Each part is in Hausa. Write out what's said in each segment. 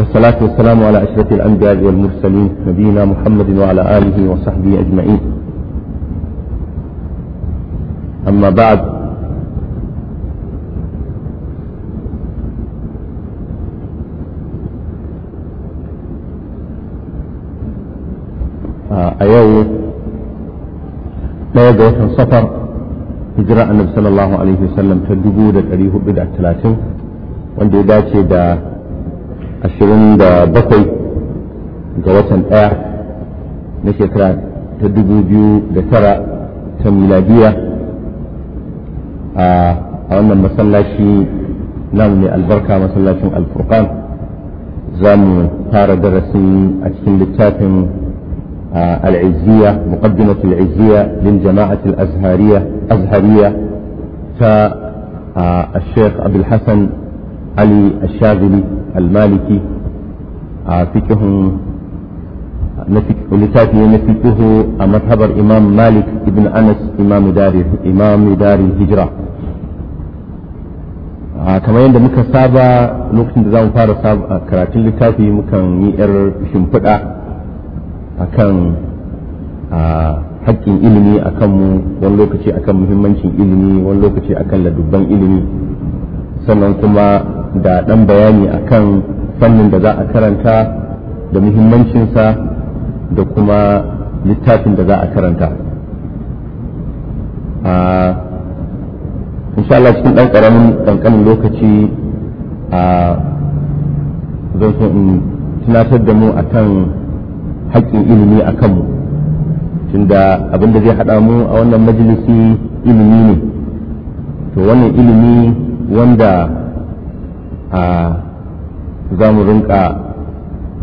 والصلاة والسلام على أشرف الأنبياء والمرسلين نبينا محمد وعلى آله وصحبه أجمعين أما بعد أيوه لا يدوث صفر هجراء النبي صلى الله عليه وسلم تدبودة أليه بدعة ثلاثين وانده داتي دا ashirin da bakwai ga watan ɗaya na shekara ta dubu biyu da tara ta miladiya a wannan masallaci namu mai albarka masallacin alfurkan za mu fara darasin a cikin littafin العزية مقدمة lin للجماعة al'azhariya أزهرية تا الشيخ أبي الحسن علي الشاذلي المالكي فقه لتاتي نفقه مذهب الإمام مالك ابن أنس إمام دار إمام دار الهجرة kamar yadda muka saba lokacin da zamu mu fara karatun littafi mukan yi 'yar shimfiɗa a kan haƙƙin ilimi a wani lokaci akan muhimmancin ilimi wani lokaci akan ladubban ilimi sannan kuma da ɗan bayani akan fannin da za a karanta da muhimmancinsa da kuma littafin da za a karanta a insha Allah cikin ɗan ƙaramin ƙanƙanin lokaci a zan so in tunatar da mu akan haƙƙin ilimi a kanmu tunda abin da zai haɗa mu a wannan majalisi ilimi ne to wannan ilimi wanda za mu rinka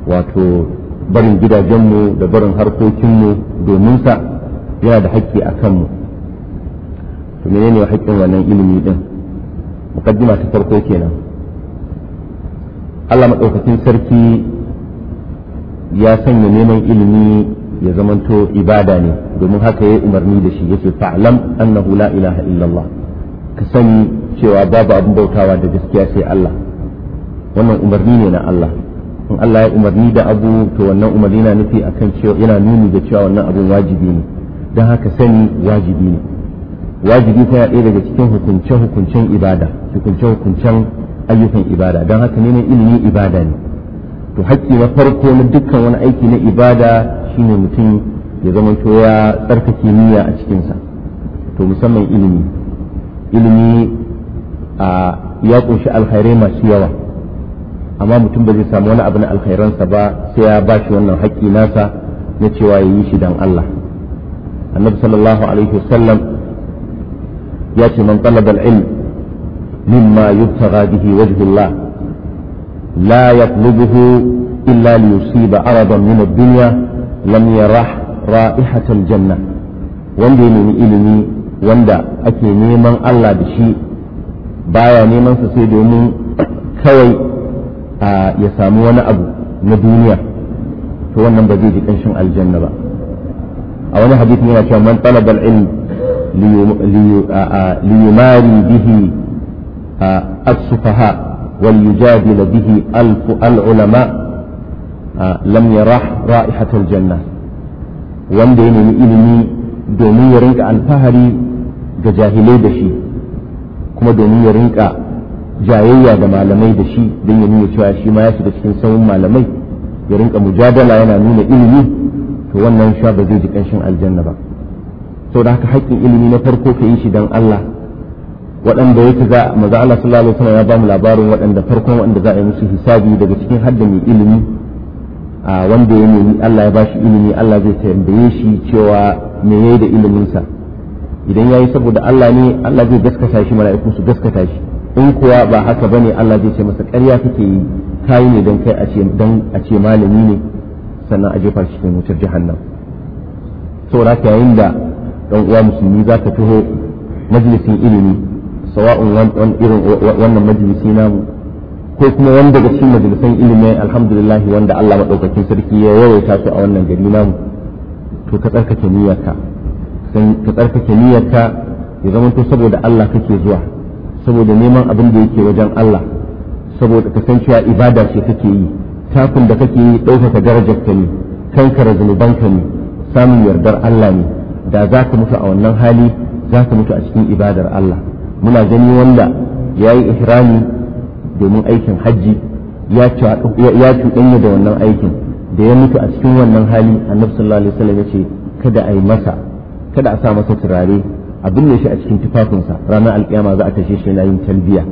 wato barin gidajenmu da barin harkokinmu domin sa yana da haƙƙi a kanmu to menene haƙƙin wannan ilimi din mukaddima ta farko kenan Allah maɗaukakin sarki ya sanya neman ilimi ya zamanto ibada ne domin haka ya umarni da shi yake fa'lam annahu la ilaha illallah ka sani cewa babu abin bautawa da gaskiya sai Allah wannan umarni ne na Allah in Allah ya umarni da abu to wannan umarni yana nufi akan cewa yana nuni da cewa wannan abun wajibi ne don haka sani wajibi ne wajibi tana ɗaya daga cikin hukunce hukuncen ibada hukunce hukuncen ayyukan ibada don haka neman ilimi ibada ne to haƙƙi na farko na dukkan wani aiki na ibada shine mutum ya to ya tsarkake niyya a cikinsa to musamman ilimi ilimi a ya ƙunshi alkhairai masu yawa amma mutum ba zai samu wani abu na alkhairansa ba sai ya ba shi wannan haƙƙi nasa na cewa ya yi shi don Allah annabi sallallahu alaihi wasallam ya ce man talaba al-ilm mimma yubtagha bihi wajhullah la yatlubuhu illa li yusiba aradan min ad-dunya lam yarah ra'ihat al-janna wanda ya nemi ilimi wanda ake neman Allah da shi baya neman sa sai domin kawai ya samu wani abu na duniya to wannan ba zai ji kanshin aljanna ba a wani hadisi yana cewa man talaba al-ilm li yumari bihi as-sufaha وليجادل al ألف العلماء لم يرح رائحة الجنة wanda ya nemi ilimi domin ya rinka alfahari ga jahilai da shi kuma domin ya rinka jayayya da malamai da shi don ya nuna cewa shi ma ya shiga cikin sauran malamai ya rinka mujadala yana nuna ilimi to wannan sha ba zai ji kanshin aljanna ba sau da haka haƙƙin ilimi na farko ka yi shi don Allah waɗanda ya za maza Allah sallallahu alaihi wasallam ya ba mu labarin waɗanda farkon waɗanda za a yi musu hisabi daga cikin hadda mai ilimi a wanda ya nemi Allah ya bashi ilimi Allah zai tambaye shi cewa me yayi da iliminsa idan yayi saboda Allah ne Allah zai gaskata shi malaikun su gaskata shi in kuwa ba haka ba ne Allah zai ce masa ƙarya kake yi kayi ne don kai a ce malami ne sannan a jefa shi cikin wutar jahannam saboda yayin da ɗan uwa musulmi za ka taho majalisin ilimi sawa'un irin wannan majalisi namu ko kuma wani daga cikin majalisan ilimi alhamdulillah wanda Allah maɗaukakin sarki ya yawaita su a wannan gari namu to ka tsarkake niyyarka ka tsarkake ya zama to saboda Allah kake zuwa saboda neman abin da yake wajen Allah saboda ka san cewa ibada ce kake yi takun da kake yi ɗaukaka darajar ka ne kankara ka ne samun yardar Allah ne da za ka mutu a wannan hali za ka mutu a cikin ibadar Allah muna gani wanda ya yi ihrami domin aikin hajji ya cuɗanya da wannan aikin da ya mutu a cikin wannan hali annabi sallallahu alaihi wasallam ya ce kada a yi masa kada a sa masa turare a binne shi a cikin tufafinsa ranar alkiyama za a tashe shi na yin talbiya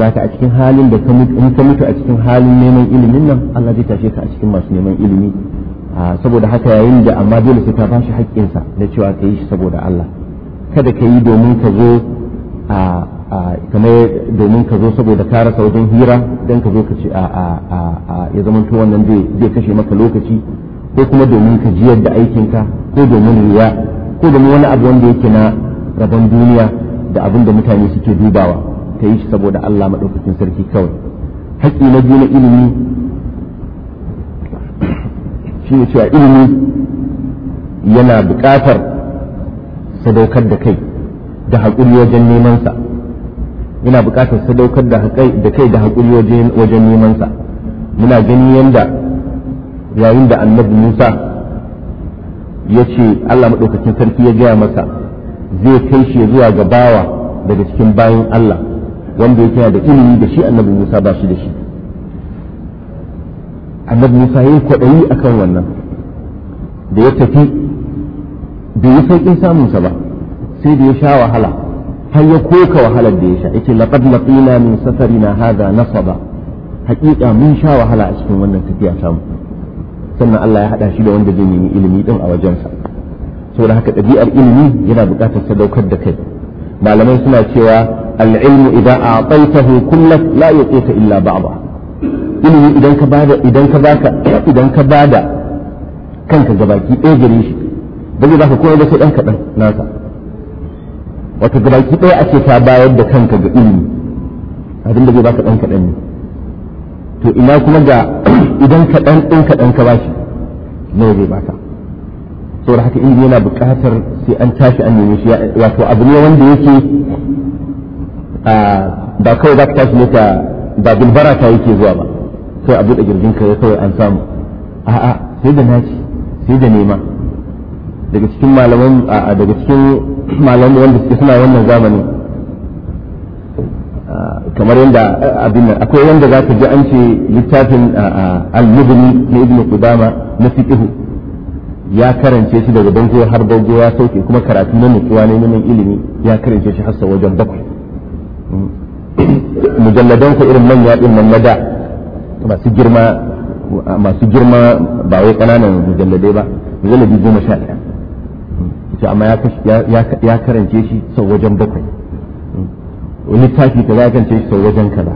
da ka a cikin halin da ka mutu a cikin halin neman ilimin nan Allah zai tashe ka a cikin masu neman ilimi saboda haka yayin da amma dole sai ka ba shi haƙƙinsa na cewa ka yi shi saboda Allah kada ka yi domin ka zo a kamar domin ka zo saboda ka rasa wajen hira don ka zo ka ce a ya zama to wannan zai kashe maka lokaci ko kuma domin ka jiyar da aikinka ko domin riya ko domin wani abu wanda yake na rabon duniya da abin da mutane suke dubawa ta yi shi saboda Allah maɗaukakin sarki kawai haƙƙi na biyu na ilimi shi ne cewa ilimi yana buƙatar sadaukar da kai da haƙuri wajen nemansa yana buƙatar sadaukar da kai da haƙuri wajen nemansa muna gani yadda yayin da annabi musa ya ce Allah maɗaukakin sarki ya gaya masa zai kai shi zuwa ga bawa daga cikin bayan Allah wanda yake da ilimi da shi annabi Musa ba shi da shi annabi Musa yayi kwadayi akan wannan da ya tafi bai yi sauƙin samunsa ba sai da ya sha wahala har ya koka wahalar da ya sha yake laqad laqina min safarina hadha nasaba haƙiƙa mun sha wahala a cikin wannan tafiya samu sannan Allah ya haɗa shi da wanda zai nemi ilimi din a wajensa saboda haka ɗabi'ar ilimi yana buƙatar sadaukar da kai malamai suna cewa al'ilmu idan a tsaitahu kullak la yuqita illa ba'da ilimi idan ka bada idan ka baka idan ka bada kanka gabaki ɗaya gare shi ba zai baka komai ba sai ɗan kaɗan nasa wata gabaki ɗaya ake ta bayar da kanka ga ilimi abin da zai baka ɗan kaɗan ne to ina kuma ga idan kaɗan ɗin kaɗan ka bashi ne zai baka saboda haka inda yana buƙatar sai an tashi an nemi shi wato abu ne wanda yake ba kawai za ka tashi ne ka ba bilbara ta yake zuwa ba sai abu da girgin ka kawai an samu a'a sai da naci sai da nema daga cikin malaman daga cikin malaman wanda suke suna wannan zamani kamar yadda abin nan akwai wanda za ka ji an ce littafin al-mubni na ibnu qudama na fiqh ya karance shi daga bango har bango ya sauke kuma karatu na nutsuwa ne neman ilimi ya karance shi hasa wajen bakwai mm. mujalladan ku irin manya din nan da masu girma masu girma ba wai kananan mujalladai ba mujalladi goma sha ɗaya mm. ce amma ya karance shi sau wajen bakwai mm. Wani tafi ta ya karance shi sau wajen kaza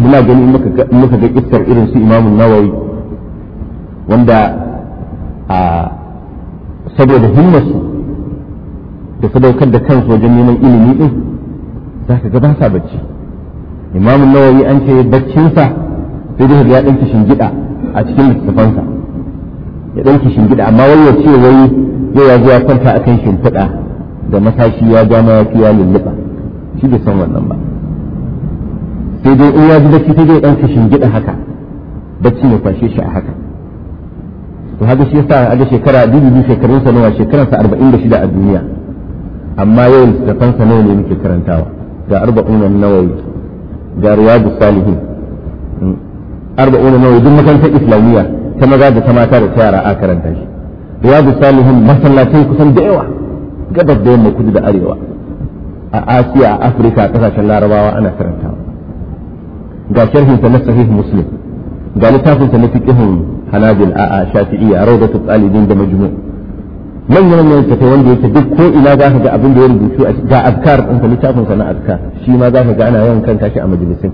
muna gani in muka ga kissar irin su imamun nawawi wanda a saboda himmarsu da sadaukar da kansu wajen neman ilimi din za ka ga ba sa bacci imamun nawawi an ce baccinsa sai dai ya ɗan gida a cikin littattafansa ya ɗan gida amma wai ya ce wai yau ya ya kwanta kan shimfiɗa da matashi ya ja mayafi ya lulluɓa shi bai san wannan ba sai dai in ya ji bacci sai dai ɗan gida haka bacci ya kwashe shi a haka to haka shi yasa a shekara dubu shekarun sa nawa shekaran sa 46 a duniya amma yau da fansa nawa ne muke karantawa ga arba'un nawawi ga riyadu salihin hmm, arba'un nawawi duk makarantar islamiyya ta maza da ta mata da ta yara a karanta shi riyadu salihin masallatai kusan da yawa gabas da yamma kudu da arewa a asiya a afirka a kasashen larabawa ana karantawa ga sharhin sa na sahih muslim ga littafin sa na fiqhun hanabil a shafi'iyya rawdatul talibin da majmu' manyan manyan tafi wanda yake duk ko ina za ka ga abin da ya rubutu ga azkar in ka littafin sa na azkar shi ma za ka ga ana yawan kan shi a majalisin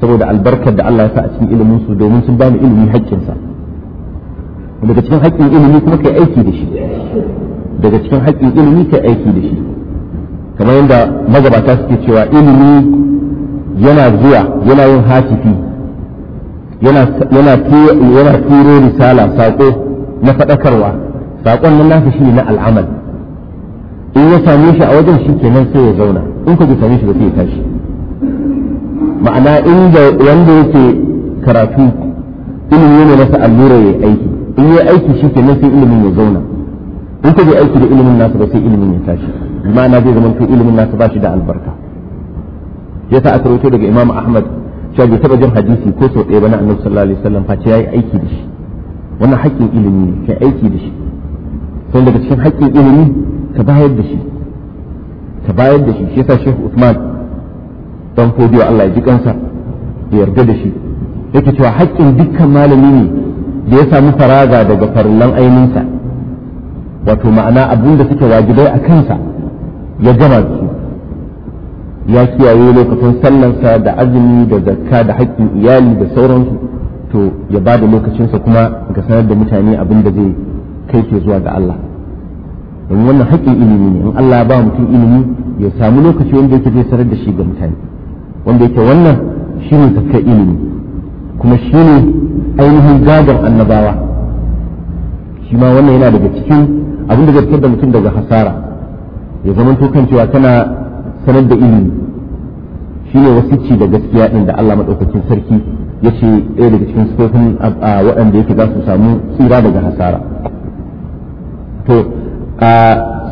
saboda albarkar da Allah ya sa a cikin ilimin su domin sun bani ilimi haƙƙin sa daga cikin haƙƙin ilimi kuma kai aiki da shi daga cikin haƙƙin ilimi kai aiki da shi kamar yadda magabata suke cewa ilimi yana zuwa yana yin hatifi yana turo risala saƙo na faɗakarwa saƙon nan nasu shi na al'amal in ya same shi a wajen shi kenan sai ya zauna in ku same shi ba sai ya tashi ma'ana inda wanda yake karatu ilimi ne nasa allura ya aiki in ya aiki shi kenan sai ilimin ya zauna in ku aiki da ilimin nasa ba sai ilimin ya tashi ma'ana zai zama to ilimin nasa ba shi da albarka yasa aka rawaito daga imam ahmad cewa bai taba jin hadisi ko sau ɗaya ba annabi sallallahu alaihi wasallam face yayi aiki da shi wannan haƙƙin ilimi ne kai aiki da shi sai daga cikin haƙƙin ilimi ka bayar da shi ka bayar da shi shi yasa Sheikh Usman dan fodiyo Allah ya ji kansa ya yarda da shi yake cewa haƙƙin dukkan malami ne da ya samu faraga daga farlan aininsa wato ma'ana abin da suke wajibai a kansa ya gama su ya kiyaye lokacin sa da azumi da zakka da haƙƙin iyali da sauransu to ya ba da lokacinsa kuma ga sanar da mutane abin da zai kai ke zuwa ga Allah in wannan haƙƙin ilimi ne in Allah ba mutum ilimi ya samu lokaci wanda yake zai sanar da shi ga mutane wanda yake wannan shine zakkar ilimi kuma ne ainihin gadon annabawa shi ma wannan yana daga cikin abin da zai fitar da mutum daga hasara ya zama to kan cewa tana sanar da ilimi shine wasicci da gaskiya din da Allah madaukakin sarki yace ɗaya daga cikin sifofin waɗanda yake za su samu tsira daga hasara to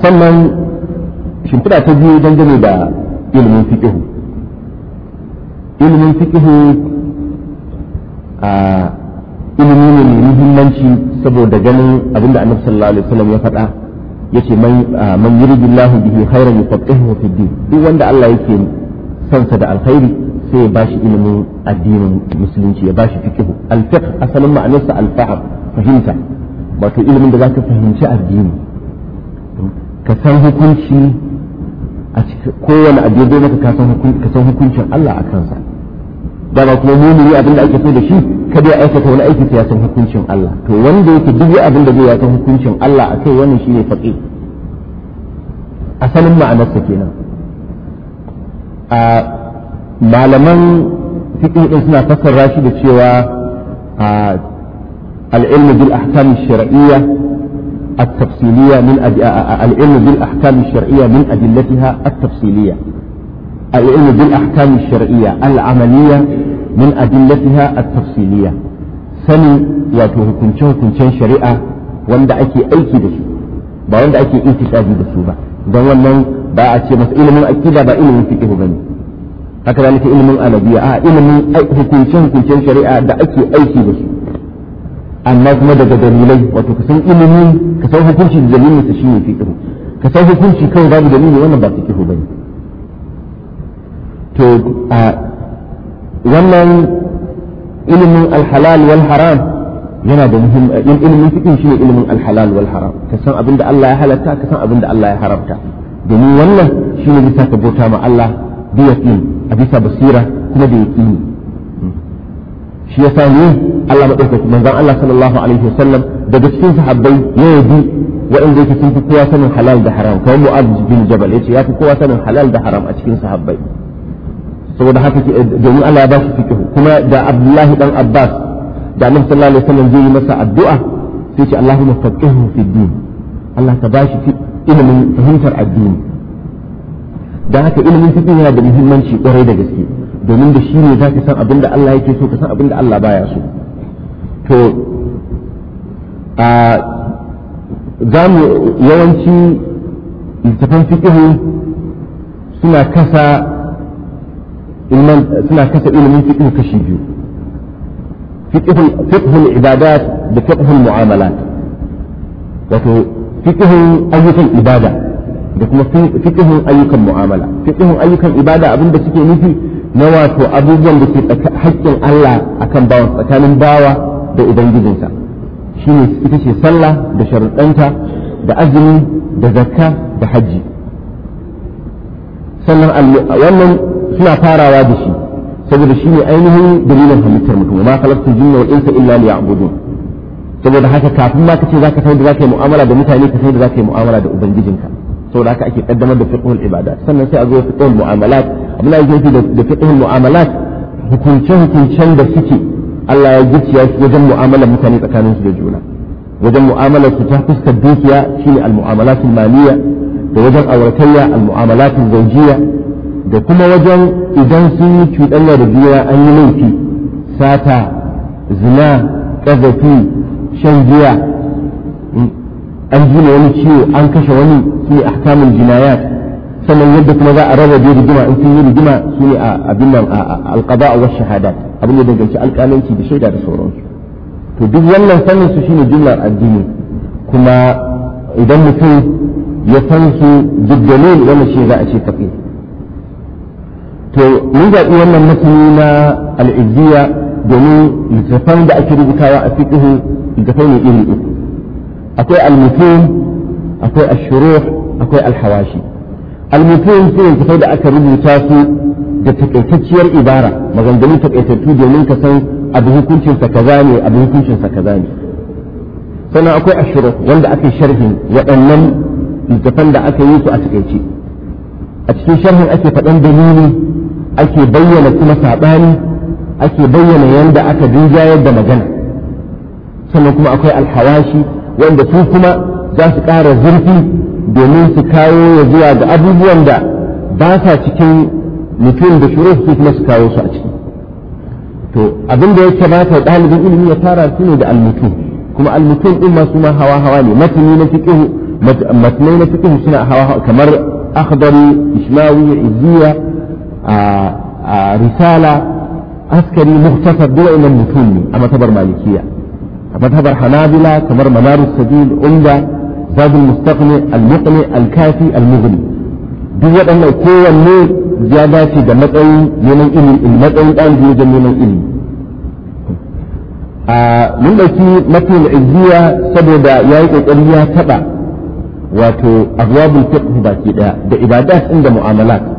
sannan shimfiɗa ta biyu dangane da ilimin fiƙihu ilimin fiƙihu a ilimi ne mai muhimmanci saboda ganin abinda annabi sallallahu alaihi wasallam ya faɗa yace man man yuridu bihi khairan yufaqihuhu fid din duk wanda Allah yake kansa da alkhairi sai ya bashi ilimin addinin musulunci ya bashi fiqh al-fiqh asalin ma'anarsa al-fahm fahimta wato ilimin da zaka fahimci addini ka san hukunci a cikin kowane abu ya ka san ka san hukuncin Allah a kansa dama kuma mumini abin da ake so da shi kada ya aikata wani aiki ya san hukuncin Allah to wanda yake duk abin da zai ya san hukuncin Allah akai wannan shine faqih asalin ma'anarsa kenan a آه، malaman fiƙi din suna fassara shi da cewa a al'ilmu bil ahkam shar'iyya التفصيلية من أد... آه، آه، العلم بالأحكام الشرعية من أدلتها التفصيلية العلم بالأحكام الشرعية العملية من أدلتها التفصيلية سني واتو هكونشو هكونشان شريعة واندا أكي أيكي دسو با واندا أكي إيتي تاجي دسو don wannan ba a ce masa ilimin aqida ba ilimin ba ne haka da nake ilimin arabiya a ilimin hukuncin hukuncin shari'a da ake aiki da su amma kuma daga dalilai wato ka san ilimi ka san hukunci da dalilin sa shine fiqh ka san hukunci kawai babu dalili wannan ba ba ne to a wannan ilimin alhalal wal haram yana da muhimmanci ilimin shi ne ilimin alhalal wal haram ka san abin da Allah ya halatta ka san abin da Allah ya haramta domin wannan ne bisa ka bauta ma Allah bi yaqin a bisa basira kuma da yaqini shi yasa ne Allah madaukaki manzon Allah sallallahu alaihi wasallam daga cikin sahabbai ya yabi waɗanda yake sun fi kowa sanin halal da haram kamar Mu'adh bin Jabal yace ya fi kowa sanin halal da haram a cikin sahabbai saboda haka domin Allah ya ba shi fiqh kuma da Abdullahi dan Abbas da annabi sallallahu alaihi wasallam zai yi masa addu'a sai ce Allahumma faqihhu fi din Allah ka bashi ilimin fahimtar addini dan haka ilimin fiqh yana da muhimmanci kwarai da gaske domin da shi ne za ka san abin da Allah yake so ka san abin da Allah baya so to a za mu yawanci littafan fiƙihu suna kasa ilimin fiƙihu kashi biyu fiqhul fiqhul ibadat da fiqhul mu'amalat wato fiqhul ayyukan ibada da kuma fiqhul ayyukan mu'amala fiqhul ayyukan ibada abinda suke nufi na wato abubuwan da ke haƙƙin Allah akan bawa tsakanin bawa da ubangijinsa shine ita ce sallah da sharuɗanta da azumi da zakka da hajji sannan wannan suna farawa da shi saboda shi ne ainihin dalilin halittar mutum ma khalaqtul jinna wal insa illa liya'budun saboda haka kafin ma kace zaka san da zaka yi mu'amala da mutane ka san da zaka yi mu'amala da ubangijinka saboda haka ake kaddamar da fiqhul ibada sannan sai a zo fiqhul mu'amalat abin da yake da fiqhul mu'amalat hukunce hukuncen da suke Allah ya gicciya shi wajen mu'amalar mutane tsakanin su da juna wajen mu'amalar su ta fuskar dukiya shine al-mu'amalatul maliyya da wajen auratayya al-mu'amalatul zawjiyya da kuma wajen idan sun yi cuɗanya da biya an yi laifi sata zina ƙazafi shan giya mm, an gina wani ciwo an kashe wani su ne ahkamul jinayat sannan yadda kuma za a raba biyu rigima in sun yi rigima su ne a abin nan a alƙaba wa shahada abin da danganci alƙalanci da shaida da sauransu to duk wannan sanin su shine jumlar addini kuma idan mutum ya san su jiddalil wannan shi za a ce faƙi to mun zaɓi wannan matani na al'ibdiya domin littattafan da ake rubutawa a fiƙihu littattafai ne iri uku akwai almutum akwai ashuruh akwai al almutum su littattafai da aka rubuta su da takaitacciyar ibara maganganu takaitattu domin ka san abu hukuncinsa kaza ne abu kaza ne sannan akwai ashuruh wanda aka sharhin waɗannan littattafan da aka yi su a takaice a cikin sharhin ake faɗan dalili ake bayyana kuma saɓani ake bayyana yadda aka rinjayar da magana sannan kuma akwai alhawashi wanda su kuma za su ƙara zurfi domin su kawo ya zuwa ga abubuwan da ba sa cikin mutum da shuru su kuma su kawo su a ciki to abin da yake ba ta ɗalibin ilimi ya tara su ne da almutum kuma almutum ɗin masu ma hawa hawa ne matani na fiƙihu matanai na suna hawa hawa kamar akhdari ishmawi izziya risala askari muktasar duk wa'annan mutum ne a matabar malikiya a matabar hanabila kamar manarus sabil umda zadul mustaqni al-muqni al-kafi al-mughni duk waɗannan kowanne ya dace da matsayin neman ilimi matsayin ɗalibi wajen neman ilimi mun ɗauki matin izziya saboda ya yi ƙoƙari ya taɓa wato abuwa bulfiq baki ɗaya da ibadat inda mu'amala.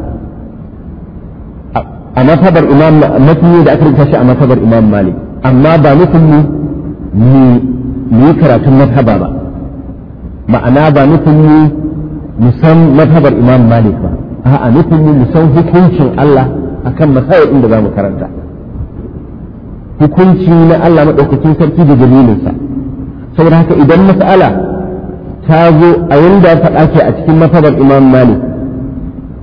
a matabar imam matni da aka rubuta shi a matabar imam malik amma ba nufin mu mu yi karatun mataba ba ma'ana ba nufin mu mu san matabar imam malik ba a'a nufin mu mu san hukuncin Allah akan masayin da za mu karanta hukunci na Allah madaukakin sarki da dalilinsa saboda haka idan mas'ala ta zo a yanda faɗa ke a cikin matabar imam malik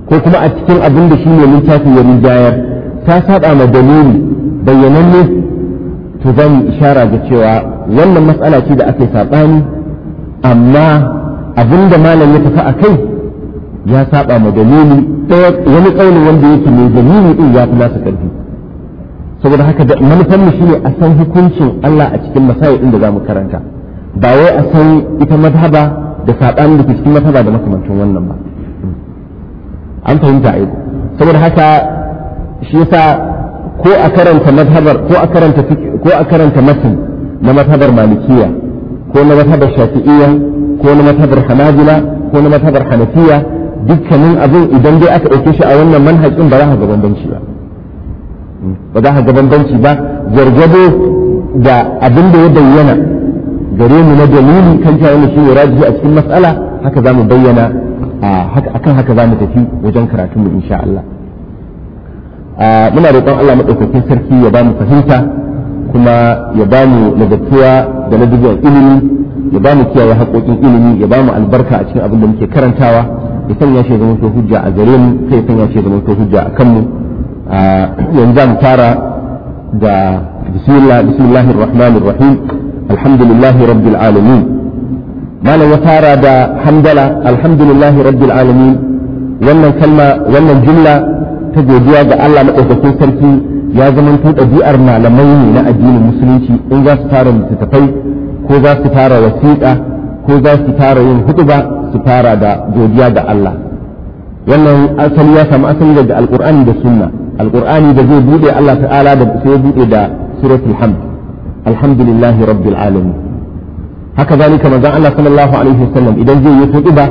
ko kuma a cikin abin da shi ne littafin ya rinjayar ta saba ma dalili bayyananne to zan ishara ga cewa wannan matsala ce da ake saɓani amma abinda malam ya tafi a kai ya saba ma dalili wani ƙaunin wanda yake mai dalili ɗin ya fi nasa ƙarfi saboda haka da manufan mu shine a san hukuncin Allah a cikin masayi ɗin da zamu karanta ba wai a san ita mazhaba da saɓanin da ke cikin mazhaba da makamancin wannan ba an fahimta aiko saboda haka shi yasa ko a karanta mazhabar ko a karanta ko a karanta matan na mazhabar malikiya ko na mazhabar shafi'iyya ko na mazhabar hanabila ko na mazhabar hanafiya dukkanin abin idan dai aka ɗauke shi a wannan manhajin ba za ka gaban banci ba hmm. ba za ka gaban banci ba gwargwado da abin da ya bayyana gare mu na dalili kan cewa wani shi a cikin mas'ala haka za mu bayyana akan haka za mu tafi wajen karatunmu insha Allah Ah, muna roƙon Allah madaukakin sarki ya ba mu fahimta kuma ya ba mu nagartuwa da ladabiyar ilimi ya ba mu kiyaye haƙoƙin ilimi ya ba mu albarka a cikin abin da muke karantawa ya sanya shi zama to hujja a gare mu sai ya sanya shi zama to hujja a kanmu ah, yanzu mu tara da bismillah bismillahir rahmanir rahim alhamdulillahi rabbil alamin malam ya tara da hamdala alhamdulillahi rabbil alamin wannan kalma wannan jumla ta godiya ga Allah maɗaukakin sarki ya zama to ɗabi'ar malamai ne na addinin musulunci in za su tara littattafai ko za su tara wasiƙa ko za su tara yin hutuba su fara da godiya ga Allah wannan asali ya samu asali daga alƙur'ani da sunna alƙur'ani da zai buɗe Allah ta'ala da sai ya buɗe da suratul hamd alhamdulillahi rabbil alamin haka zalika manzon Allah sallallahu alaihi wasallam idan zai yi hutuba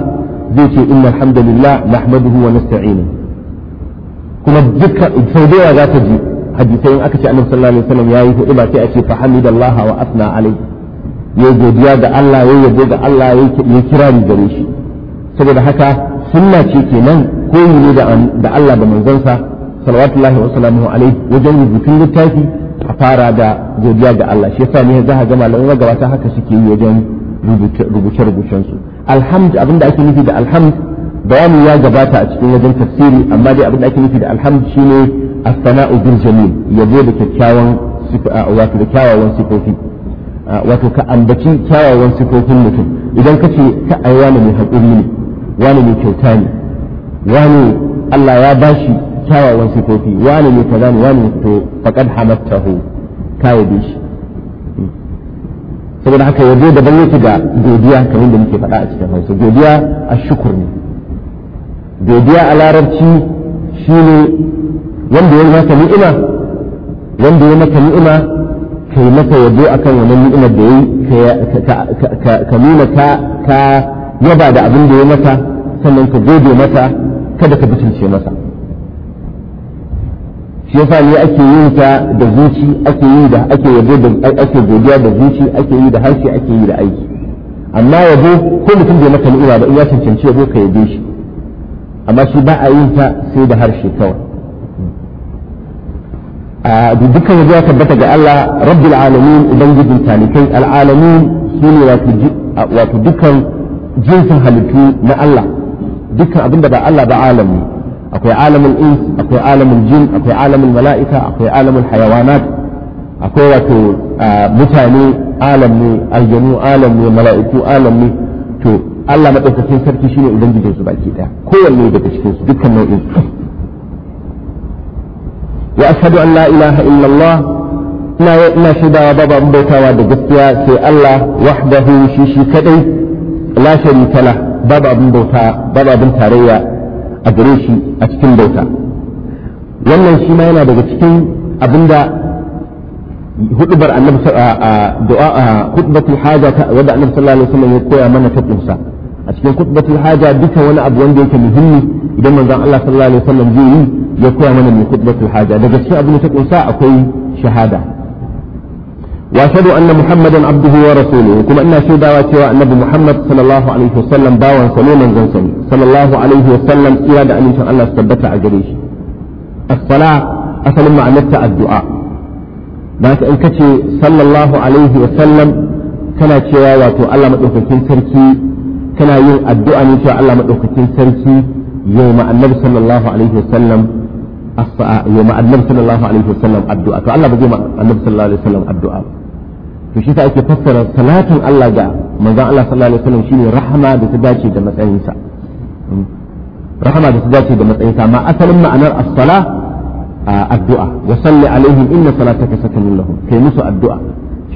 zai ce innal hamdalillah nahmaduhu wa nasta'inuhu kuma duka sau da yawa za ta ji hadisai in aka ce annabi sallallahu alaihi wasallam yayi hudu ba sai a ce fa hamidallaha wa asna alai ya godiya ga Allah ya yabo ga Allah ya kira ni gare shi saboda haka sunna ce kenan koyi ne da Allah da manzonsa salawatullahi wa salamuhu alaihi wajen rubutun littafi a fara da godiya ga Allah shi yasa ne za ka ga malaman gabata haka suke yi wajen rubuce-rubucen su alhamd abinda ake nufi da alhamd bayani ya gabata a cikin wajen tafsiri amma dai abin da ake nufi da alhamdu shine as-sana'u bil jamil yabo da kyakkyawan wato da kyawawan sifofi wato ka ambaci kyawawan sifofin mutum idan ka ka ai wani mai haƙuri ne wani mai kyauta ne wani Allah ya bashi kyawawan sifofi wani mai kaza ne wani to faqad hamattahu ka yabe shi saboda haka yabo ban yake ga godiya kamar da muke faɗa a cikin Hausa godiya ashukur ne godiya a larabci ne wanda ya maka ni'ima wanda ya maka ni'ima kai maka yabo akan wannan ni'imar da yayi ka nuna ka ka yaba da abin da ya maka sannan ka gode mata kada ka butulce masa shi yasa ne ake yi ta da zuci ake yi da ake yabo da ake godiya da zuci ake yi da harshe ake yi da aiki amma yabo ko mutum bai maka ni'ima ba in ya cancanci yabo ka yabe shi amma shi ba a yin ta sai da harshe kawai a dukkan wajen tabbata ga Allah rabbul alamin ubangijin talikai al'alamin su ne wato dukkan jinsin halittu na Allah dukkan abin da ba Allah ba alami akwai alamin ins akwai alamin jin akwai alamin mala'ika akwai alamin hayawanat akwai wato mutane alam ne aljanu alam ne mala'iku alam to Allah madaukakin sarki shine ubangijin su baki daya kowanne daga cikin su dukkan nau'in su wa ashhadu an la ilaha illallah ina ina shaidawa babu abin bautawa da gaskiya sai Allah wahdahu shi shi kadai la sharika la babu abin bauta babu abin tarayya a gare shi a cikin bauta wannan shi ma yana daga cikin abinda hudubar annabi a du'a a hudbatul haja wanda annabi sallallahu alaihi wasallam ya koya mana ta kunsa a cikin khutbatul haja duka wani abu wanda yake muhimmi idan manzon Allah sallallahu alaihi wasallam zai yi ya koya mana mai khutbatul haja daga cikin abin da ta kunsa akwai shahada wa ashhadu anna muhammadan abduhu wa rasuluhu kuma ina shaidawa cewa annabi muhammad sallallahu alaihi wasallam bawan sa ne manzon sa sallallahu alaihi wasallam iya da amincin Allah tabbata a gare shi as-sala asalin ma'anarta addu'a ba ka in kace sallallahu alaihi wasallam kana cewa wato Allah madaukakin sarki tana yin addu'a ne cewa Allah madaukakin sarki yau ma annabi sallallahu alaihi wasallam yau ma annabi sallallahu alaihi wasallam addu'a to Allah ba zai ma annabi sallallahu alaihi wasallam addu'a to shi ta ake fassara salatin Allah ga manzon Allah sallallahu alaihi wasallam shine rahama da ta dace da matsayinsa hmm. rahama da ta dace da matsayinsa amma asalin ma'anar as-sala addu'a wa salli alaihim inna salataka sakanin lahum kai musu addu'a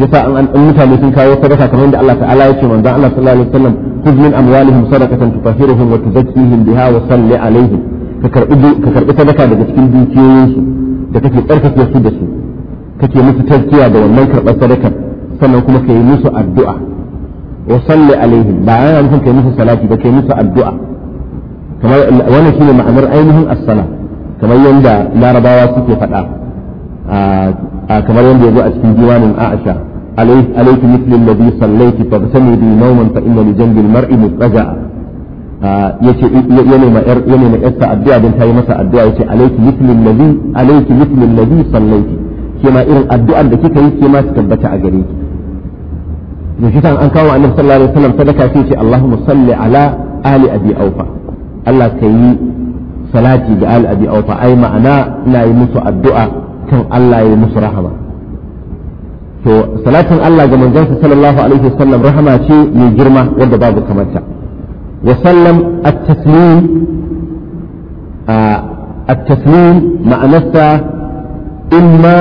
shi yasa an mutane sun kawo sadaka kamar yadda Allah ta'ala ya ce manzon Allah sallallahu alaihi wasallam خذ من أموالهم صدقة تطهرهم وتزكيهم بها وصل عليهم ككرب صدقة لجسكين بيكيوس لكي تركت يسودس كي يمس تزكية دون من كرب صدقة sannan kuma ka yi musu addu'a wa salli alaihim ba yana nufin ka yi musu salati ba ka ma'anar ainihin as-sala larabawa suke faɗa kamar yadda ya zo a cikin Aisha عليك, عليك مثل الذي صليت فاغتني نوما فإن لجنب المرء مضطجعا yace ya nema yar ya nema yarsa addu'a don ta yi masa addu'a yace alayki mithlu alladhi alayki mithlu alladhi sallaiti kema irin addu'ar da kika yi kema su tabbata a gare ki yace kan an kawo annabi sallallahu alaihi wasallam sadaka sai ce Allahumma salli ala ali abi aufa Allah ka yi salati ga ali ai ma'ana ina yi musu addu'a kan Allah musu rahama to salatin Allah ga manzansa sallallahu alaihi wasallam rahama ce mai girma wanda babu kamanta wa sallam at-taslim at-taslim ma'anarsa imma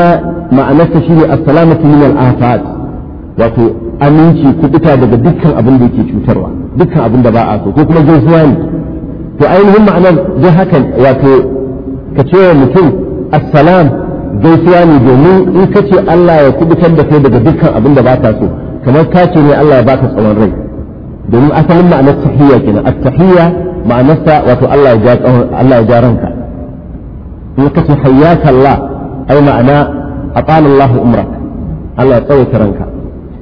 ma'anarsa shine as-salamatu min al-afat wato aminci kubuta daga dukkan abin da yake cutarwa dukkan abin da ba a so ko kuma gaisuwa ne to ainihin ma'anar dai hakan wato ka ce wa mutum assalam gaisuwa ne domin in ka ce Allah ya kubutar da kai daga dukkan abin da ba ta so kamar ka ce ne Allah ya baka tsawon rai domin asalin ma'anar tahiyya kenan at-tahiyya ma'anarsa wato Allah ya ja Allah ya ranka in ka ce hayyaka Allah ai ma'ana aqala Allah umrak Allah ya tsawaita ranka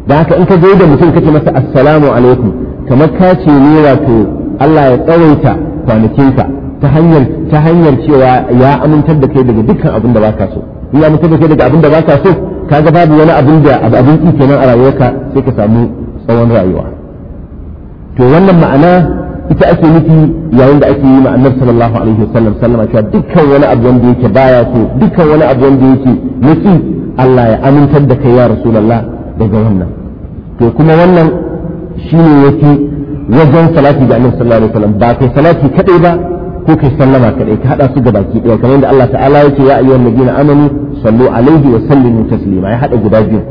dan haka in ka gaida mutum kace masa assalamu alaikum kamar ka ce ne wato Allah ya tsawaita kwanakinka ta hanyar ta hanyar cewa ya amintar da kai daga dukkan abin da baka so in ya mutu da kai daga abin da baka so kaga babu wani abin da abin ki kenan a rayuwarka sai ka samu tsawon rayuwa to wannan ma'ana ita ake nufi yayin da ake yi ma'anar sallallahu alaihi wasallam sallama cewa dukkan wani abu wanda yake baya so dukkan wani abu wanda yake nufi Allah ya amintar da kai ya rasulullah daga wannan to kuma wannan shine yake wajen salati da annabi sallallahu alaihi wasallam ba kai salati kadai ba ko kai sallama kaɗai ka haɗa su ga baki ɗaya kamar da Allah ta'ala yake ya ayyuhan nabiyina amanu sallu alaihi wa sallimu taslima ya haɗa guda biyu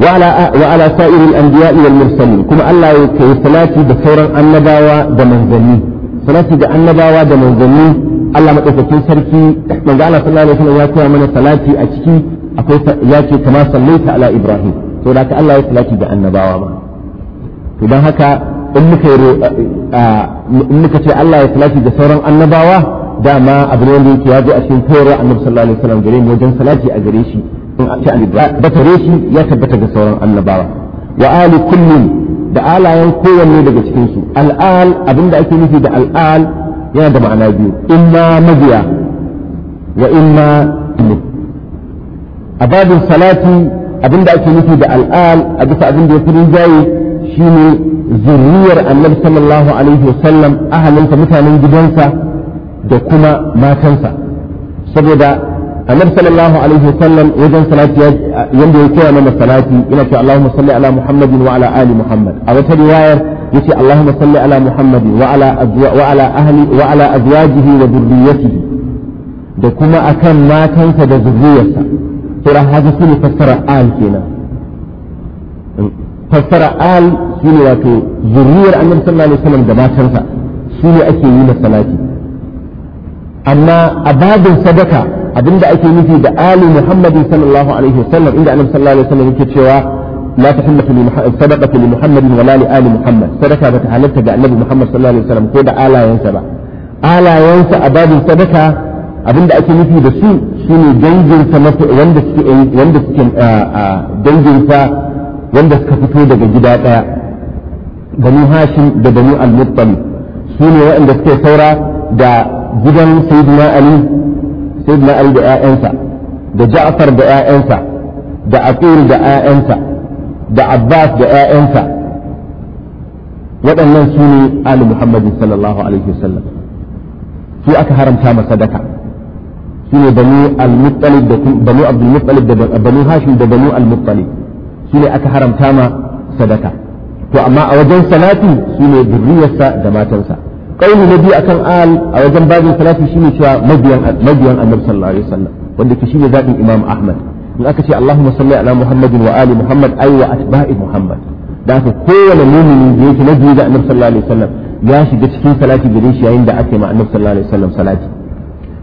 wa ala sa'iri al-anbiya'i kuma Allah ya kai salati da sauran annabawa da manzanni salati da annabawa da manzanni Allah madaukakin sarki manzo ala sallallahu ya koya mana salati a ciki akwai ya ce kama sallaita ala ibrahim to da ka Allah ya salati da annabawa ma to haka in muka in ce Allah ya salati da sauran annabawa dama abu ne wanda yake ya zo a cikin koyarwa annabi sallallahu alaihi wasallam gare mu wajen salati a gare shi in a ce an da tare shi ya tabbata ga sauran annabawa wa ali kullin da alayen kowanne daga cikin su al'al abinda ake nufi da al'al yana da ma'ana biyu imma mabiya wa imma a babin salati abinda ake nufi da al'al a bisa abinda ya fi rinjaye Shi shine zuriyar annabi sallallahu alaihi wasallam ahalinta mutanen gidansa da kuma matansa saboda annabi sallallahu alaihi wasallam wajen salati yanda ya koya mana salati ina ce Allahumma salli ala Muhammadin wa ala ali Muhammad a wata riwayar yace Allahumma salli ala Muhammadin wa ala wa ala ahli wa ala azwajihi wa dhurriyyatihi da kuma akan matansa da zuriyarsa to ran haka shine fassara al kenan fassara al wato zuriyar annabi sallallahu alaihi wasallam da matansa shine ake yi na salati amma a babin sadaka abinda ake nufi da ali Muhammadu sallallahu alaihi wasallam inda annabi sallallahu alaihi wasallam yake cewa لا تحل صدقة لمحمد ولا لآل محمد صدقة بتحلتها جاء النبي محمد صلى الله عليه وسلم كودا آلا ينسى بقى آلا ينسى أباب صدقة sadaka abinda ake nufi da su shi ne wanda suke wanda suke danginsa wanda suka fito daga gida ɗaya banu hashim da banu al-muttalib su ne waɗanda suke saura da gidan sayyidina ali sayyidina ali da ƴaƴansa da ja'far da ƴaƴansa da aqil da ƴaƴansa da abbas da ƴaƴansa waɗannan su ne ali muhammad sallallahu alaihi wasallam su aka haramta masa sadaka su ne banu al-muttalib da banu abdul muttalib da banu hashim da banu al-muttalib shine aka haramta ma sadaka to amma a wajen salati shine zurriyarsa da matansa kauli na biyu akan al a wajen babin salati shine cewa mabiyan mabiyan annabi sallallahu alaihi wasallam wanda ke shine zaɓin imam ahmad in aka ce allahumma salli ala muhammadin wa ali muhammad ay wa atba'i muhammad da aka kowane mumini da yake na biyu da annabi sallallahu alaihi wasallam ya shiga cikin salati gare shi yayin da ake ma annabi sallallahu alaihi wasallam salati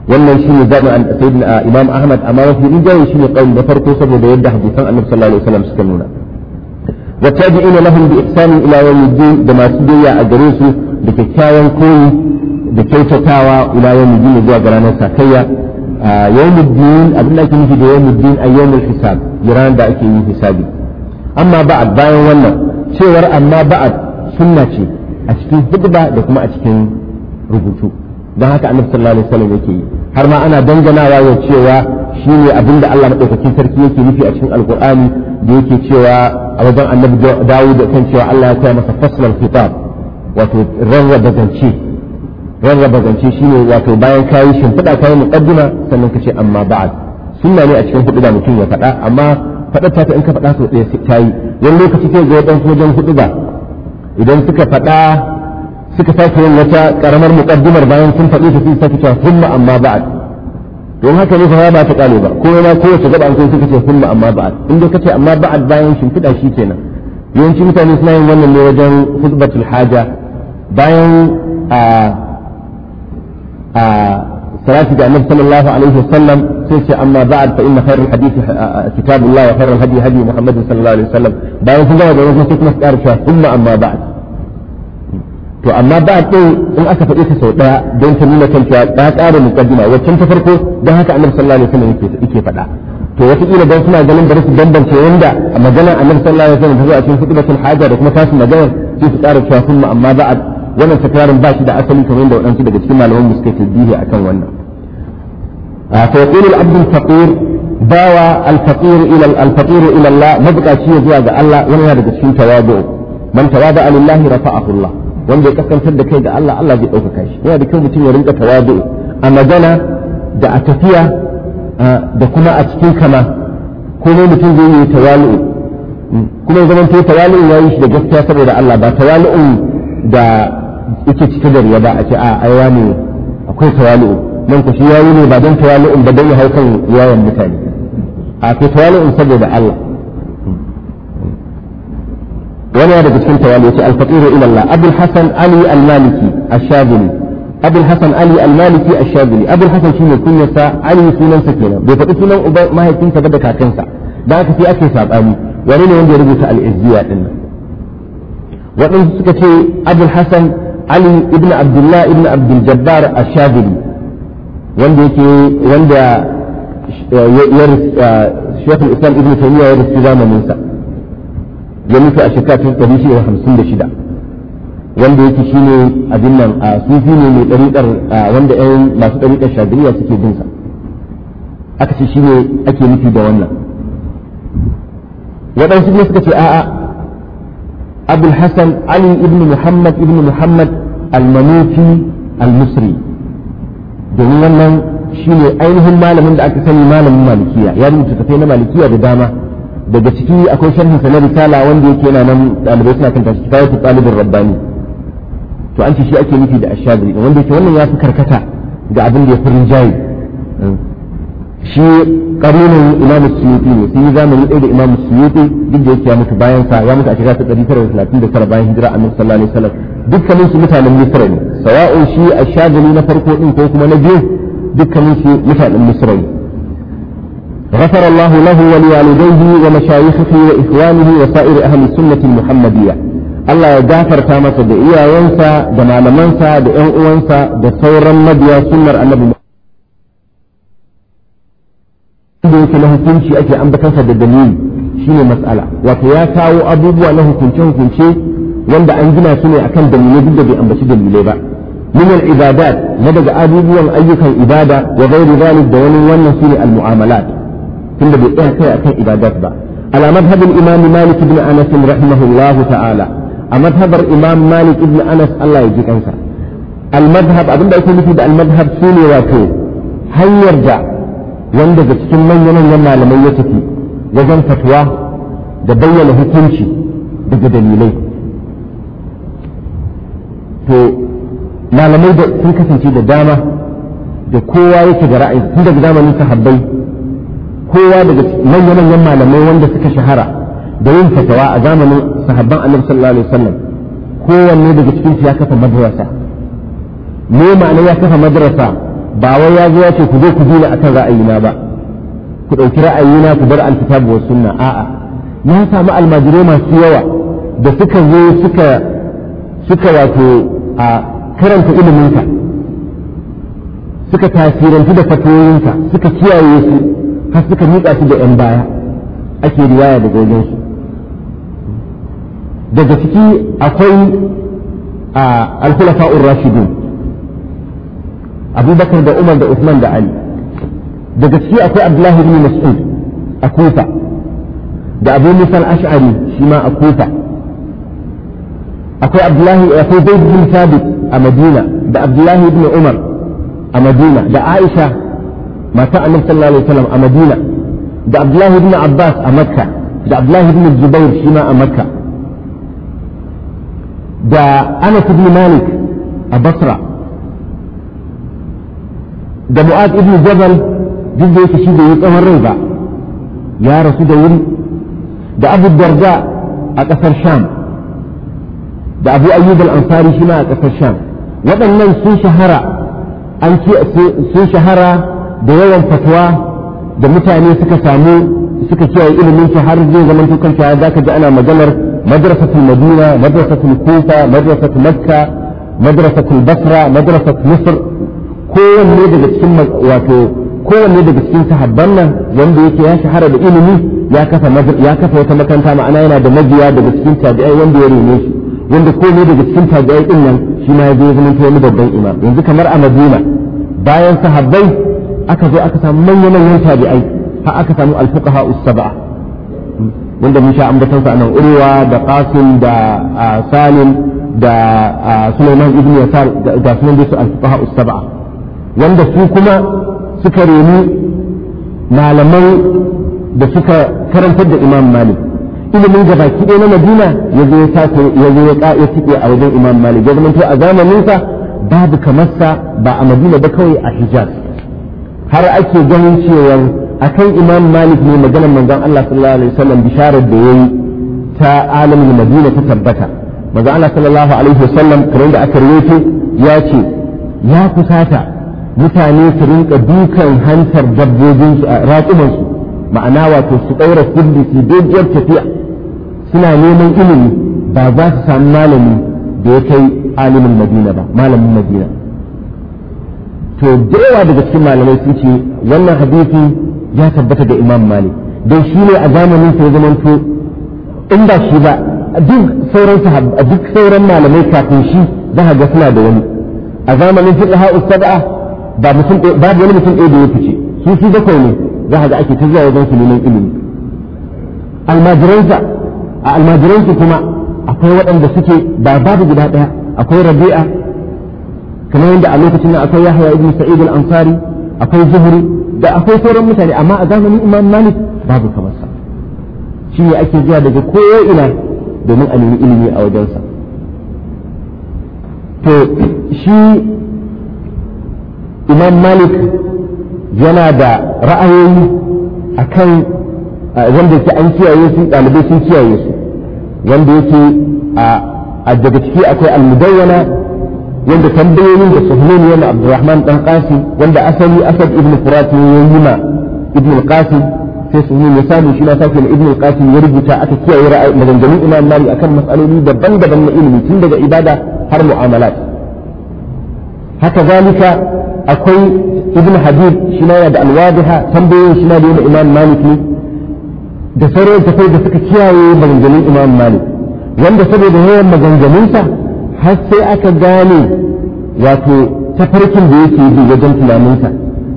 wannan shine zaɓin a imam ahmad amma wasu rinjaye shine qaul da farko saboda yadda hadisan annabi sallallahu alaihi wasallam suka nuna wa tabi'ina lahum bi samin ila yawmiddin da masu biyayya a gare su da kyakkyawan koyi da kyautatawa ila yawmiddin zuwa ga ranar sakayya yawmiddin abin a ake nufi da yawmiddin a yawmul hisab ranar da ake yin hisabi amma ba'ad bayan wannan cewar amma ba'ad sunna ce a cikin hudba da kuma a cikin rubutu don haka annabi sallallahu alaihi wasallam yake yi har ma ana danganawa ya cewa shine ne abin Allah maɗaukacin sarki yake nufi a cikin alqur'ani da yake cewa a wajen annabi dawud da kan cewa Allah ya kai masa faslal kitab wato rarraba zance rarraba zance shine wato bayan kayi shimfiɗa kayi muqaddima sannan ka ce amma ba'ad sunna ne a cikin hudu da mutum ya faɗa amma faɗa ta in ka faɗa sau ɗaya ta yi wani lokaci sai ga wajen hudu ba idan suka faɗa suka sake yin wata karamar muqaddimar bayan sun faɗi ta suka cewa humma amma ba'd don haka ne fa ba ta kale ba komai ma kowace gaba an kai suka ce humma amma ba'd in dai kace amma ba'd bayan shimfiɗa shi kenan yawanci mutane suna yin wannan ne wajen hutbatul haja bayan a a salati da annabi sallallahu alaihi wasallam sai ce amma ba'd fa inna khairul hadith kitabullah wa khairul hadi hadi muhammadin sallallahu alaihi wasallam bayan sun gama da wannan sai kuma su ƙara cewa humma amma ba'd to amma ba ɗin in aka faɗi ta sau ɗaya don ta nuna kan cewa ta ƙara mukaddima waccan ta farko don haka annabi sallallahu alaihi wasallam yake faɗa to wataƙila don suna ganin bari su bambance wanda a maganar annabi sallallahu alaihi wasallam ta zo a cikin khutbatul haja da kuma tasu magana sai su ƙara cewa kuma amma ba a wannan takrarin ba shi da asali kamar yadda waɗansu daga cikin malaman mu suka tabbihi akan wannan fa yaqulu al-abdu al-faqir bawa al-faqir ila al-faqir ila Allah mabukaci zuwa ga Allah wannan daga cikin tawadu man tawada lillahi rafa'ahu Allah wanda ya kasantar da kai da Allah Allah zai ɗaukaka shi yana da kyau mutum ya rinka tawadu a magana da a tafiya da kuma a cikin kama komai mutum zai yi tawalu mm. kuma zaman to tawalu ya yi shi da gaskiya saboda Allah ba tawalu da yake cike da riya ba a ce a aiwa ne akwai tawalu nan ku shi yayi ne ba don tawalu ba don ya hau kan yawan mutane a ke tawalu saboda Allah wani ya daga cikin tawali yace al-faqiru ila Allah Abdul Hasan Ali al-Maliki ash-Shadili Abdul Hasan Ali al-Maliki ash-Shadili Abdul Hasan shine kunyarsa Ali sunansa kenan bai faɗi sunan uba mahaifinsa ba da kakansa da aka sai ake sabani wani ne wanda ya rubuta al-Izziya din nan waɗansu suka ce abul Hasan Ali ibn Abdullah ibn Abdul Jabbar ash-Shadili wanda yake wanda eh, ya Shekul Islam ibn Taymiyyah ya rubuta zamaninsa ya mutu a shekara ta ɗari shida hamsin da shida wanda yake shi ne abin nan a sufi ne mai ɗariƙar wanda ƴan masu ɗariƙar shadiriya suke bin sa aka ce shi ne ake nufi da wannan waɗansu ne suka ce a'a abul hasan ali ibn muhammad ibn muhammad al-manufi al-musri domin wannan shi ne ainihin malamin da aka sani malamin malikiya ya rubuta tafai na malikiya da dama daga ciki akwai sharhin sa na risala wanda yake yana nan ɗalibai suna kan tashi kifayatu ɗalibin rabbani to an ce shi ake nufi da ashabiri wanda yake wannan ya fi karkata ga abin da ya fi rinjaye shi karinin imam suyuti ne sun yi zamani ɗaya da imam suyuti duk da yake ya mutu bayan sa ya mutu a shekara ta ɗari tara da talatin da tara bayan hijira annabi sallallahu alaihi wasallam dukkanin su mutanen misra ne sawa'un shi ashabiri na farko din ko kuma na biyu dukkanin su mutanen misra ne غفر الله له ولوالديه ومشايخه وإخوانه وسائر أهل السنة المحمدية الله يغفر تامة دعيا ينسى دمال منسى دعو أنسى دصورا مديا سنر النبي da yake na hukunci ake ambatansa da dalili shine matsala wato ya kawo abubuwa na hukunce hukunce wanda an gina su ne akan dalilai duk da bai ambaci dalilai ba min ibadat na daga abubuwan ayyukan ibada wa ghairi da wani wannan ne al mu'amalat tunda bai tsaya kai akan ibadat ba ala madhhabin imam malik ibn anas rahimahullahu ta'ala a madhabar imam malik ibn anas Allah ya ji kansa al madhhab abinda ake nufi da al madhhab shine wato hanyar da wanda ga cikin manyan manyan malamai ya tafi wajen fatwa da bayyana hukunci daga dalilai to malamai da sun kasance da dama da kowa yake da ra'ayi tun daga zamanin sahabbai kowa daga manya-manyan malamai wanda suka shahara da yin fatawa a zamanin sahabban annabi sallallahu alaihi wasallam kowanne daga cikin ya kafa madrasa me ma'ana ya kafa madrasa ba wai ya zo ya ce ku zo ku dina akan ra'ayina ba ku ɗauki ra'ayina ku bar alkitabu was sunna a'a ya samu almajirai masu yawa da suka zo suka suka wato a karanta iliminka suka tasirantu da fatoyinka suka kiyaye su har suka miƙa su da ‘yan baya ake riwaya daga wajensu daga ciki akwai a alkhulafa'ur rashidun abubakar da umar da usman da ali daga ciki akwai abdullahi bin mas'ud a kufa da abu musan ash'ari shi ma a kufa akwai abdullahi akwai zaid bin sabit a madina da abdullahi bin umar a madina da aisha mata annabi sallallahu alaihi wasallam a madina da abdullahi ibn abbas a makka da abdullahi ibn zubair shi ma a makka da anas ibn malik a basra da mu'ad ibn jabal duk da yake shi bai yi tsawon rai ba ya rasu da wuri da abu darda a ƙasar sham da abu ayyub al-ansari shi ma a ƙasar sham waɗannan sun shahara an ce sun shahara da yawan fatwa da mutane suka samu suka kiyaye ilimin su har zai zama to kanta za ka ji ana maganar madrasatul madina madrasatul kufa madrasatul makka madrasatul basra madrasatul misr kowanne daga cikin wato kowanne daga cikin sahabban nan wanda yake ya shahara da ilimi ya kafa ya kafa wata makaranta ma'ana yana da mabiya daga cikin tabi'ai wanda ya rene shi wanda komai daga cikin tabi'ai din nan shi ma ya zama to wani babban imam yanzu kamar a madina bayan sahabbai aka zo aka samu manyan manyan tabi'ai har aka samu alfuqaha us wanda mun sha ambatansa anan urwa da qasim da salim da sulaiman ibn yasar da sunan da su alfuqaha us wanda su kuma suka reni malaman da suka karantar da imam malik ilimin gabaki ɗaya na madina ya zo ya ya tike a wajen imam malik ya zama to a zamaninsa babu kamarsa ba a madina ba kawai a hijaz har ake ganin cewa akan imam malik ne maganar manzon Allah sallallahu alaihi wasallam bisharar da yayi ta alamin madina ta tabbata manzon Allah sallallahu alaihi wasallam kamar da aka rawaito ya ce ya kusata mutane su rinka dukan hantar dabbobin su raƙuman su ma'ana wato su ɗaura kulli su dogiyar tafiya suna neman ilimi ba za su samu malami da ya kai alimin madina ba malamin madina to da daga cikin malamai sun ce wannan hadisi ya tabbata da imam malik don shi ne a zamanin sai zaman to in ba shi ba duk sauran duk sauran malamai kafin shi za ga suna da wani a zamanin fiqh ustada ba mutum ba wani mutum ɗaya da ya fice su su bakwai ne za ga ake ta zuwa wajen su neman ilimi almajiransa a almajiransu kuma akwai waɗanda suke ba babu guda ɗaya akwai rabi'a kamar yadda a lokacin nan akwai Yahya ibn Sa'id al-Ansari akwai Zuhri da akwai sauran mutane amma a zamanin Imam Malik babu kamar sa shi ne ake zuwa daga koyo ina domin a nemi ilimi a wajensa to shi Imam Malik yana da ra'ayoyi akan wanda yake an kiyaye su ɗalibai sun kiyaye su wanda yake a daga ciki akwai almudawwana yadda tambayoyin da suhulun yana abdurrahman dan qasi wanda asali asad ibn furat ne ya ma ibn qasi sai suhulun ya samu shi ma sake ibn qasi ya rubuta aka kiyaye ra'ayi maganganun imam mali akan mas'aloli daban-daban na ilimi tun daga ibada har mu'amalat haka zalika akwai ibn habib shi ma yana da alwadiha tambayoyin shi na da yana imam malik ne da sauran tafai da suka kiyaye maganganun imam malik wanda saboda yawan maganganunsa har sai aka gane wato tafarkin da yake bi wajen tunaninsa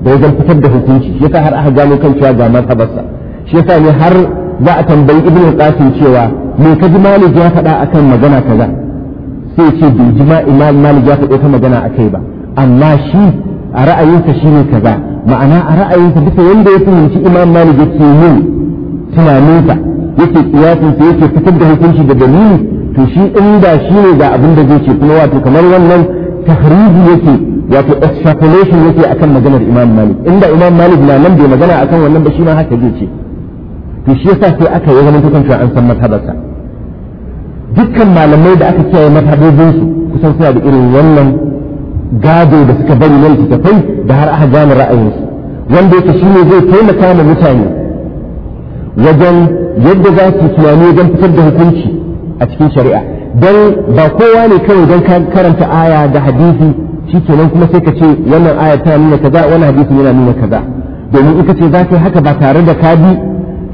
da wajen fitar da hukunci shi yasa har aka gano kan cewa ga mazhabarsa shi yasa ne har za a tambayi ibnu qasim cewa me ka ji malik ya faɗa akan magana kaza sai ce bai ji ma imam malik ya faɗa ta magana akai ba amma shi a ra'ayinsa shine kaza ma'ana a ra'ayinsa duka wanda ya fahimci imam malik yake yin tunaninsa yake kiyasinsa yake fitar da hukunci da dalili to shi inda shi ne ga abin da zai ce kuma wato kamar wannan tahriji yake wato extrapolation yake akan maganar Imam Malik inda Imam Malik na nan bai magana akan wannan ba shi ma haka zai ce to shi yasa sai aka yi zaman tukan an san mazhabarsa dukkan malamai da aka kiyaye mazhabobin su kusan suna da irin wannan gado da suka bari nan tafai da har aka gane ra'ayinsu wanda yake shi ne zai taimaka ma mutane wajen yadda za su tunani wajen fitar da hukunci a cikin shari'a don ba kowa ne kawai don karanta aya da hadisi shikenan kuma sai ka ce wannan aya ta nuna kaza wannan hadisi yana nuna kaza domin ita ce za ka haka ba tare da ka bi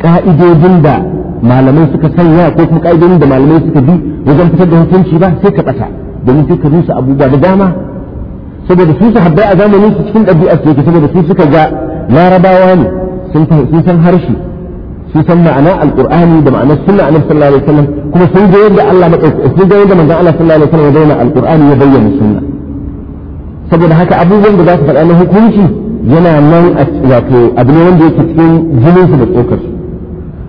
ka'idodin da malamai suka sanya ko kuma ka'idodin da malamai suka bi wajen fitar da hukunci ba sai ka bata domin sai ka rusa abubuwa da dama saboda su su habbai a zamanin su cikin ɗabi'a su yake saboda su suka ga larabawa ne sun san harshe sun san ma'ana alqur'ani da ma'anar sunna annabi sallallahu alaihi wasallam kuma sun ga yadda Allah sun ga yadda manzon Allah sallallahu alaihi wasallam ya bayyana alqur'ani ya bayyana sunna saboda haka abubuwan da za su faɗa na hukunci yana nan wato abu ne wanda yake cikin jinin su da tsokar su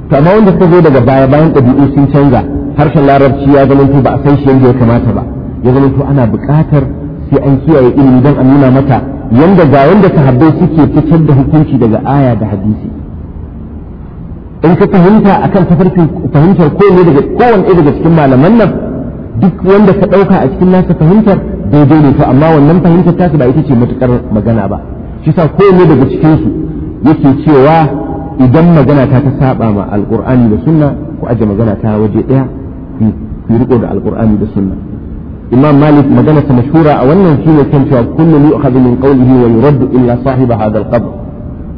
to amma wanda suka zo daga baya bayan ɗabi'u sun canza harshen larabci ya zama ba a san shi yadda ya kamata ba ya zama to ana buƙatar sai an kiyaye ilimi don a nuna mata yanda ga yanda sahabbai suke fitar da hukunci daga aya da hadisi in ka fahimta akan tafarkin fahimtar ne daga kowanne daga cikin malaman nan duk wanda ka ɗauka a cikin nasa fahimtar daidai ne to amma wannan fahimtar tasa ba ita ce matukar magana ba shi sa ne daga cikin su yake cewa idan magana ta ta saba ma alqur'ani da sunna ko aje magana ta waje daya ku riko da alqur'ani da sunna imam malik magana ta mashhura a wannan shine kan cewa kullu yu'khadhu min qawlihi wa yuraddu illa sahiba hadha alqabr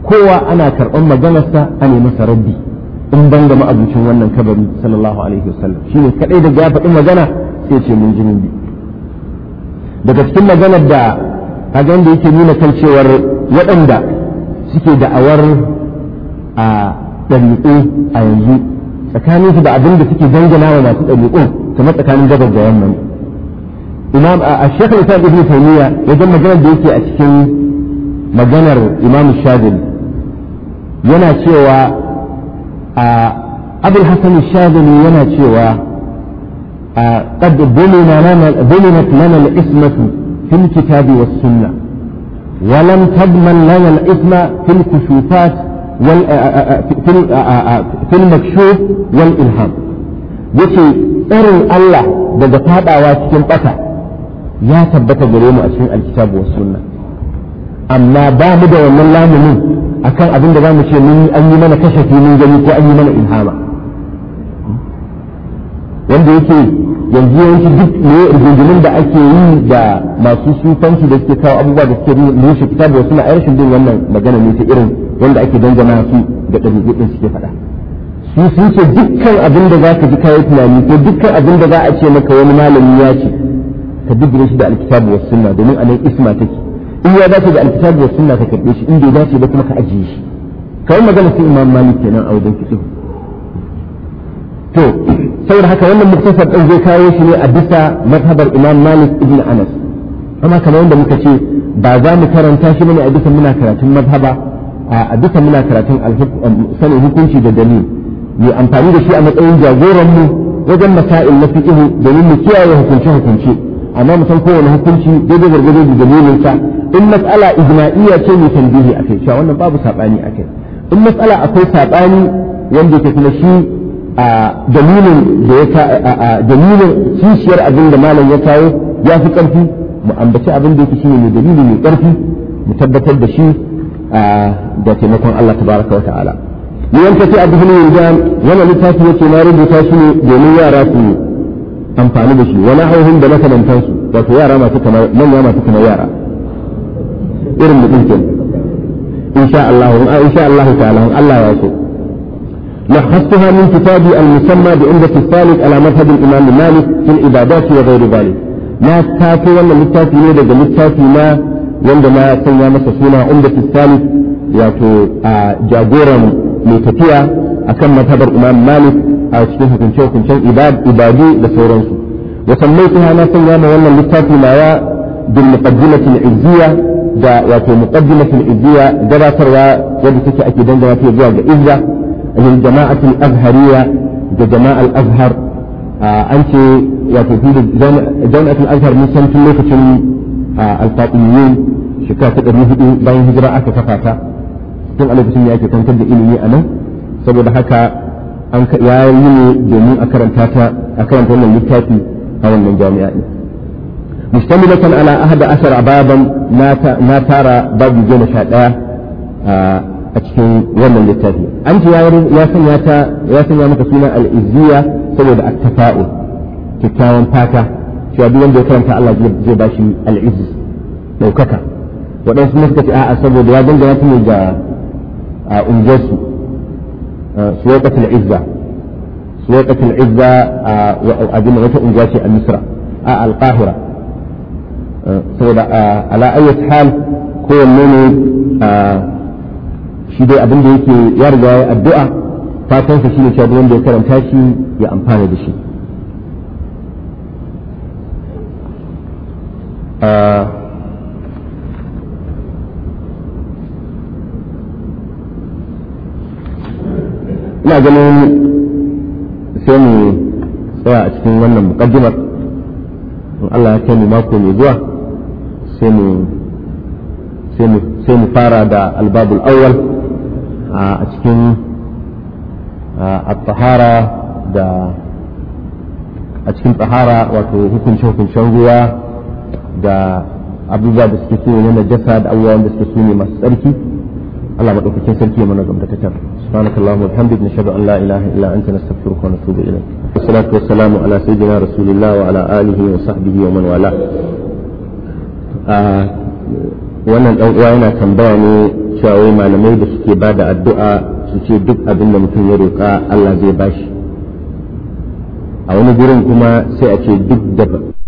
kowa ana karɓar maganarsa a ne masa rabbi in ban ga ma'abucin wannan kabari sallallahu alaihi wasallam shine kadai da ya faɗi magana sai ce mun ji bi daga cikin maganar da kaga da yake nuna kan cewar waɗanda suke da'awar a ɗariƙo a yanzu tsakanin su da abin da suke dangana wa masu ɗariƙo kamar tsakanin gabar da yamma imam a shekar islam ibn taymiya wajen maganar da yake a cikin maganar imam shadil yana cewa a abul hasan shadani yana cewa a qad bulina lana al ismatu kitabi was sunna wa lam tadman lana al isma fil kushufat wal fil fil makshuf wal ilham yace irin Allah daga fadawa cikin kasa ya tabbata gare mu a cikin alkitabu was sunna amma ba mu da wannan lamunin akan abin da za mu ce mun an yi mana kashafi mun gani ko an yi mana ilhama wanda yake yanzu yawanci duk ne rigingimin da ake yi da masu sufanci da suke kawo abubuwa da suke rushe kitabu wasu na rashin bin wannan magana ne ta irin wanda ake dangana su da ɗabi'u suke faɗa su sun ce dukkan abin da za ka ji kayan tunani ko dukkan abin da za a ce maka wani malami ya ce ka dubbe shi da alkitabu wasu sunna domin a nan isma take in ya dace da alkitabu wa sunna ka karbe shi in bai dace ba kuma ka ajiye shi kawai magana sun imam malik kenan a wajen fiqh to saboda haka wannan muktasar din zai kawo shi ne a bisa mazhabar imam malik ibn anas amma kamar yadda muka ce ba za mu karanta shi ne a bisa muna karatun mazhaba a bisa muna karatun sanin hukunci da dalil mu amfani da shi a matsayin jagoran mu wajen masail na fiqh domin mu kiyaye hukunce hukunce amma mu san kowane hukunci daidai gwargwado da dalilinsa in matsala ijma'iyya ce mai tambihi akai cewa wannan babu sabani akai in matsala akwai sabani wanda ke kuma shi a dalilin da ya dalilin kishiyar abin da malam ya kawo ya fi ƙarfi mu ambaci abin da yake shine mai dalili mai ƙarfi mu tabbatar da shi da taimakon Allah tabaraka wa ta'ala ni yanka ce abu hulu yanzu wannan littafi yake na rubuta shi ne domin yara su amfani da shi wani hauhun da makamantansu wato yara masu kamar manya masu kamar yara irin mu din kenan insha Allah insha Allah ta'ala Allah ya so لخصتها من كتابي المسمى بعمدة الثالث على مذهب الإمام مالك في العبادات وغير ذلك. ما تاتي ولا متاتي نيدا دا متاتي ما وندا ما سنيا مسا سونا عمدة الثالث ياتو جاغورا ميتتيا أكم مذهب الإمام مالك أشكيها كنشو كنشو إباد إبادي لسورانسو وسميتها أنا سنيا ما ولا متاتي ما بالمقدمة العزية da wato muqaddimatul ibdiya gabatarwa wanda take ake dangana ta zuwa ga izza lil jama'atul azhariya da jama'al azhar an ce wato fi jama'atul azhar mun san tun lokacin al-fatimiyyin shekara ta ɗari hudu bayan hijira aka kafa ta tun a lokacin ya ake kantar da ilimi a nan saboda haka an ka yi ne domin a karanta ta a karanta wannan littafi a wannan jami'a مشتملة على أحد عشر بابا ما ترى باب جنة شاء أتكين ولا للتافي أنت يا ياسن ياتا ياسن يا مكسونا الإزية سبب التفاؤل كتاوان باكا شو أبي وندو كلام الله زي باشي العز لو كتا waɗansu ne suka ce a'a saboda ya dangana ta ne ga a unguwarsu suwaƙatul izza suwaƙatul izza a abin wata unguwa ce a misra a alƙahira saboda ala ayyat hal kowanne ne shi dai abin da yake ya riga ya addu'a fatansa shi ne cewa wanda ya karanta shi ya amfana da shi ina ganin sai mu tsaya a cikin wannan mukaddimar in Allah ya kai mako mai zuwa sai mu fara da albabul awwal a cikin tahara da a cikin tsahara wato hukunce hukuncen ruwa da abubuwa da suke so na najasa da abubuwa da suke so masu tsarki Allah madaukakin sarki ya mana gamda tatar subhanakallahumma wa bihamdika nashhadu an la ilaha illa anta nastaghfiruka wa natubu ilayk wassalatu wassalamu ala sayyidina rasulillah wa alihi wa sahbihi wala wannan dan uwa yana tambaya ne cewa wai malamai da suke ba da addu'a su ce duk abin da mutum ya roƙa Allah zai bashi a wani gurin kuma sai a ce duk da